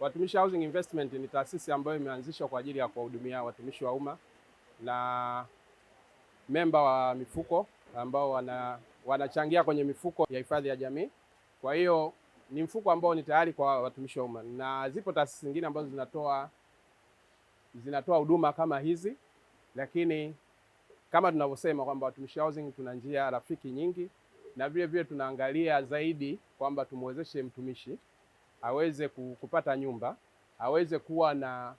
Watumishi Housing Investment ni taasisi ambayo imeanzishwa kwa ajili ya kuwahudumia watumishi wa umma na memba wa mifuko ambao wana, wanachangia kwenye mifuko ya hifadhi ya jamii. Kwa hiyo ni mfuko ambao ni tayari kwa watumishi wa umma, na zipo taasisi zingine ambazo zinatoa zinatoa huduma kama hizi, lakini kama tunavyosema kwamba Watumishi Housing tuna njia rafiki nyingi, na vile vile tunaangalia zaidi kwamba tumwezeshe mtumishi aweze kupata nyumba, aweze kuwa na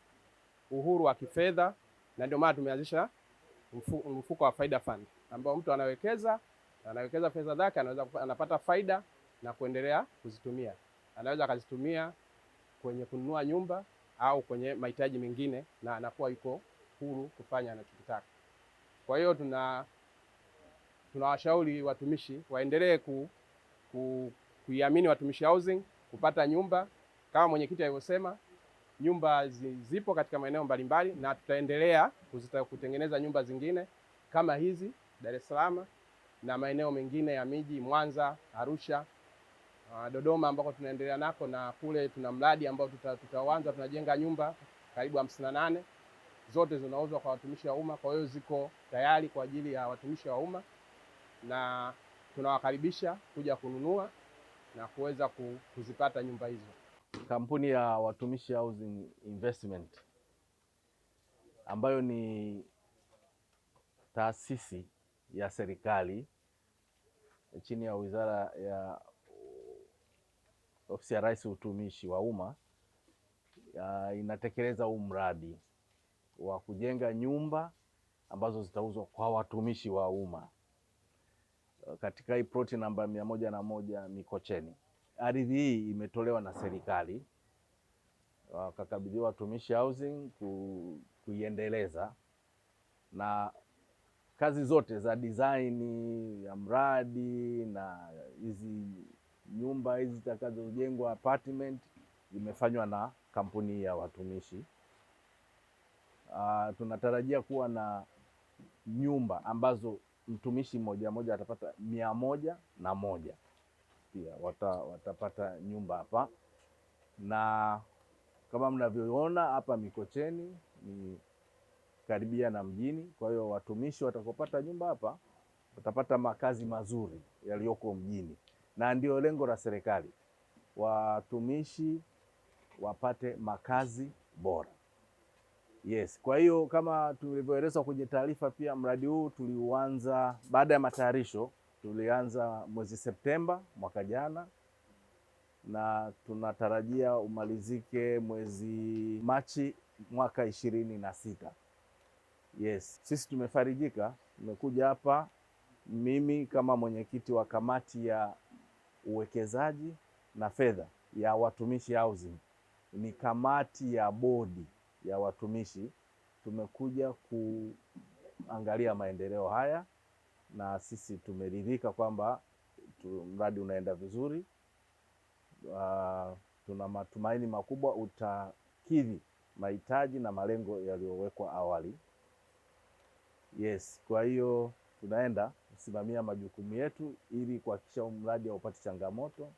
uhuru wa kifedha, na ndio maana tumeanzisha mfuko wa faida fund ambao mtu anawekeza anawekeza fedha zake, anaweza anapata faida na kuendelea kuzitumia. Anaweza akazitumia kwenye kununua nyumba au kwenye mahitaji mengine, na anakuwa yuko huru kufanya anachotaka. Kwa hiyo tuna tunawashauri watumishi waendelee ku, ku, kuiamini Watumishi Housing kupata nyumba. Kama mwenyekiti alivyosema, nyumba zipo katika maeneo mbalimbali na tutaendelea kuzita, kutengeneza nyumba zingine kama hizi Dar es Salaam na maeneo mengine ya miji Mwanza, Arusha, uh, Dodoma ambako tunaendelea nako na kule tuna mradi ambao tutaanza, tunajenga nyumba karibu hamsini na nane zote zinauzwa kwa watumishi wa umma, kwa hiyo ziko tayari kwa ajili ya watumishi wa umma na tunawakaribisha kuja kununua na kuweza kuzipata nyumba hizo. Kampuni ya Watumishi Housing Investment ambayo ni taasisi ya serikali chini ya Wizara ya Ofisi ya Rais Utumishi wa Umma inatekeleza huu mradi wa kujenga nyumba ambazo zitauzwa kwa watumishi wa umma katika hii ploti namba mia moja na moja Mikocheni. Ardhi hii imetolewa na serikali, wakakabidhiwa Tumishi housing ku, kuiendeleza na kazi zote za dizaini ya mradi na hizi nyumba hizi zitakazojengwa apartment imefanywa na kampuni ya watumishi. Uh, tunatarajia kuwa na nyumba ambazo mtumishi mmoja mmoja atapata mia moja na moja pia wata, watapata nyumba hapa, na kama mnavyoona hapa Mikocheni ni karibia na mjini. Kwa hiyo watumishi watakopata nyumba hapa watapata makazi mazuri yaliyoko mjini, na ndio lengo la serikali, watumishi wapate makazi bora. Yes, kwa hiyo kama tulivyoelezwa kwenye taarifa pia mradi huu tuliuanza baada ya matayarisho, tulianza mwezi Septemba mwaka jana na tunatarajia umalizike mwezi Machi mwaka ishirini na sita. Yes, sisi tumefarijika, tumekuja hapa mimi kama mwenyekiti wa kamati ya uwekezaji na fedha ya Watumishi Housing, ni kamati ya bodi ya watumishi, tumekuja kuangalia maendeleo haya na sisi tumeridhika kwamba mradi unaenda vizuri. Uh, tuna matumaini makubwa utakidhi mahitaji na malengo yaliyowekwa awali. Yes, kwa hiyo tunaenda kusimamia majukumu yetu ili kuhakikisha mradi haupati changamoto.